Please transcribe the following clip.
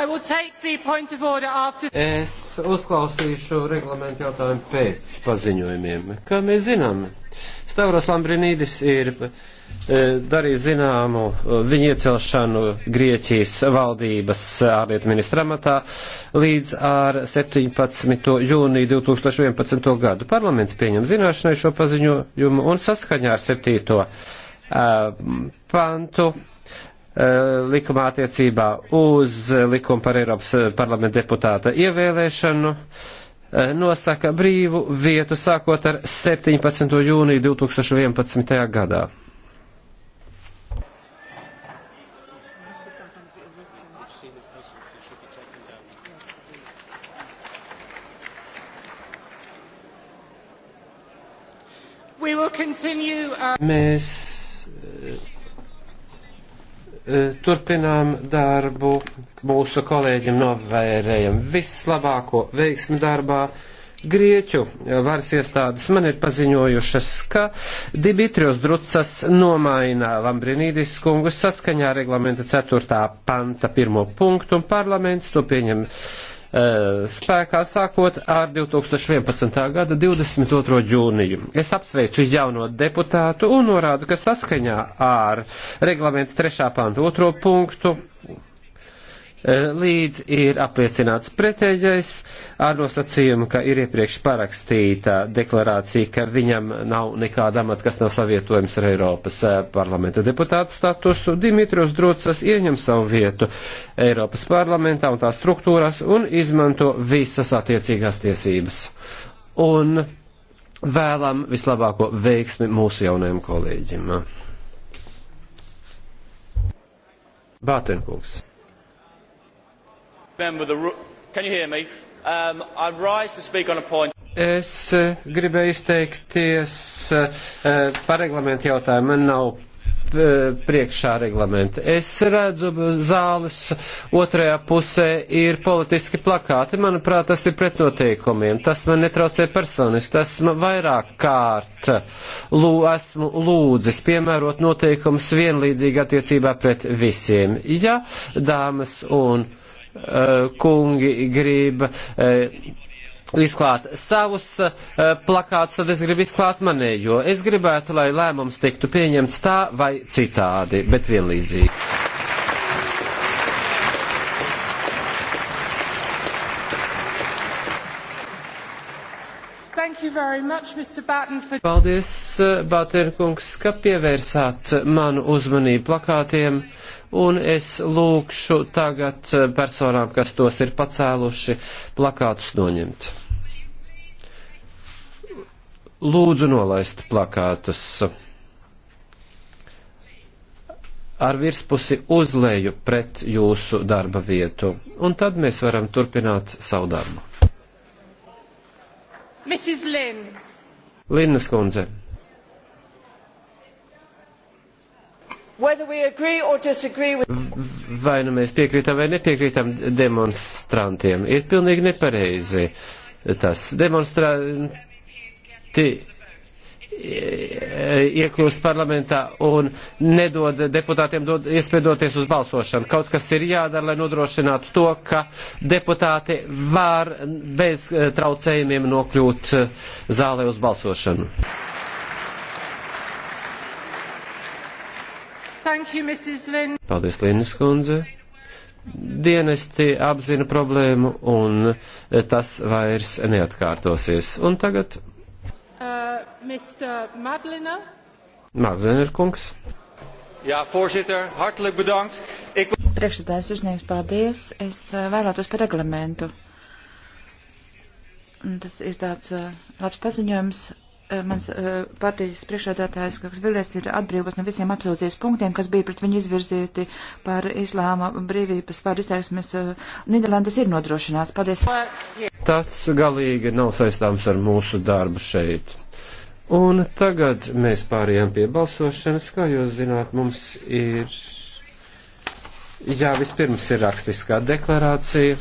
After... Es uzklausīšu reglamentu jautājumu pēc paziņojumiem. Kā mēs zinām, Stavros Lambrinīdis ir e, darījis zināmu e, viņa iecelšanu Grieķijas valdības e, ārlietu ministra amatā līdz ar 17. jūniju 2011. gadu. Parlaments pieņem zināšanai šo paziņojumu un saskaņā ar 7. E, pantu Eh, likumā attiecībā uz likumu par Eiropas eh, parlamenta deputāta ievēlēšanu eh, nosaka brīvu vietu sākot ar 17. jūniju 2011. gadā. Uh, Mēs Eh, turpinām darbu. Mūsu kolēģim novērējam vislabāko veiksmi darbā. Grieķu varas iestādes man ir paziņojušas, ka Dimitrijos Drucas nomainā Lambrinīdis kungus saskaņā reglamenta 4. panta 1. punktu un parlaments to pieņem. Eh, spēkā sākot ar 2011. gada 22. jūniju. Es apsveicu jauno deputātu un norādu, ka saskaņā ar reglamentu 3. pantu 2. punktu Eh, līdz ir apliecināts pretēģais ar nosacījumu, ka ir iepriekš parakstīta deklarācija, ka viņam nav nekāda amata, kas nav savietojams ar Eiropas eh, parlamenta deputātu statusu. Dimitrijus Drucas ieņem savu vietu Eiropas parlamentā un tās struktūras un izmanto visas attiecīgās tiesības. Un vēlam vislabāko veiksmi mūsu jaunajam kolēģim. Bātenkungs member the can you hear me? Um, I rise to speak on a point. Es uh, gribēju izteikties uh, uh, par reglamentu jautājumu. Man nav priekšā reglamenta. Es redzu, zāles otrajā pusē ir politiski plakāti. Manuprāt, tas ir pretnoteikumiem. Tas man netraucē personiski. Tas man vairāk kārt lū, esmu lūdzis piemērot noteikumus vienlīdzīgi attiecībā pret visiem. Ja dāmas un. Uh, Eh, kungi grib eh, izklāt savus uh, plakātus, tad es gribu izklāt manējo. Es gribētu, lai lēmums tiktu pieņemts tā vai citādi, bet vienlīdzīgi. Much, Batten, for... Paldies, eh, Bātenkungs, ka pievērsāt manu uzmanību plakātiem, un es lūkšu tagad eh, personām, kas tos ir pacēluši, plakātus noņemt. Lūdzu nolaist plakātus ar virspusi uz leju pret jūsu darba vietu, un tad mēs varam turpināt savu darbu. Mrs. Lin. Linnas kundze. Vai nu mēs piekrītam vai nepiekrītam demonstrantiem, ir pilnīgi nepareizi. Tas demonstranti E, iekļūst parlamentā un nedod deputātiem dod, iespēju doties uz balsošanu. Kaut kas ir jādara, lai nodrošinātu to, ka deputāti var bez e, traucējumiem nokļūt e, zālē uz balsošanu. Thank you, Mrs. Lynn. Paldies, Linnas kundze. Dienesti apzina problēmu un tas vairs neatkārtosies. Un tagad Mr. Madlina. Madlina kungs. Jā, voorzitter, hartelijk bedankt. Ik... Priekšsēdājs izniegs paldies. Es eh, vēlētos par reglamentu. Tas ir tāds eh, labs paziņojums eh, mans uh, partijas priekšādātājs Kaks Vilēs ir atbrīvos no visiem apsūdzības punktiem, kas bija pret viņu izvirzīti par islāma brīvības vārdu izteiksmes. Uh, Nīderlandes ir nodrošināts. Paldies. Tas galīgi nav saistāms ar mūsu darbu šeit. Un tagad mēs pārējām pie balsošanas. Kā jūs zināt, mums ir. Jā, vispirms ir rakstiskā deklarācija.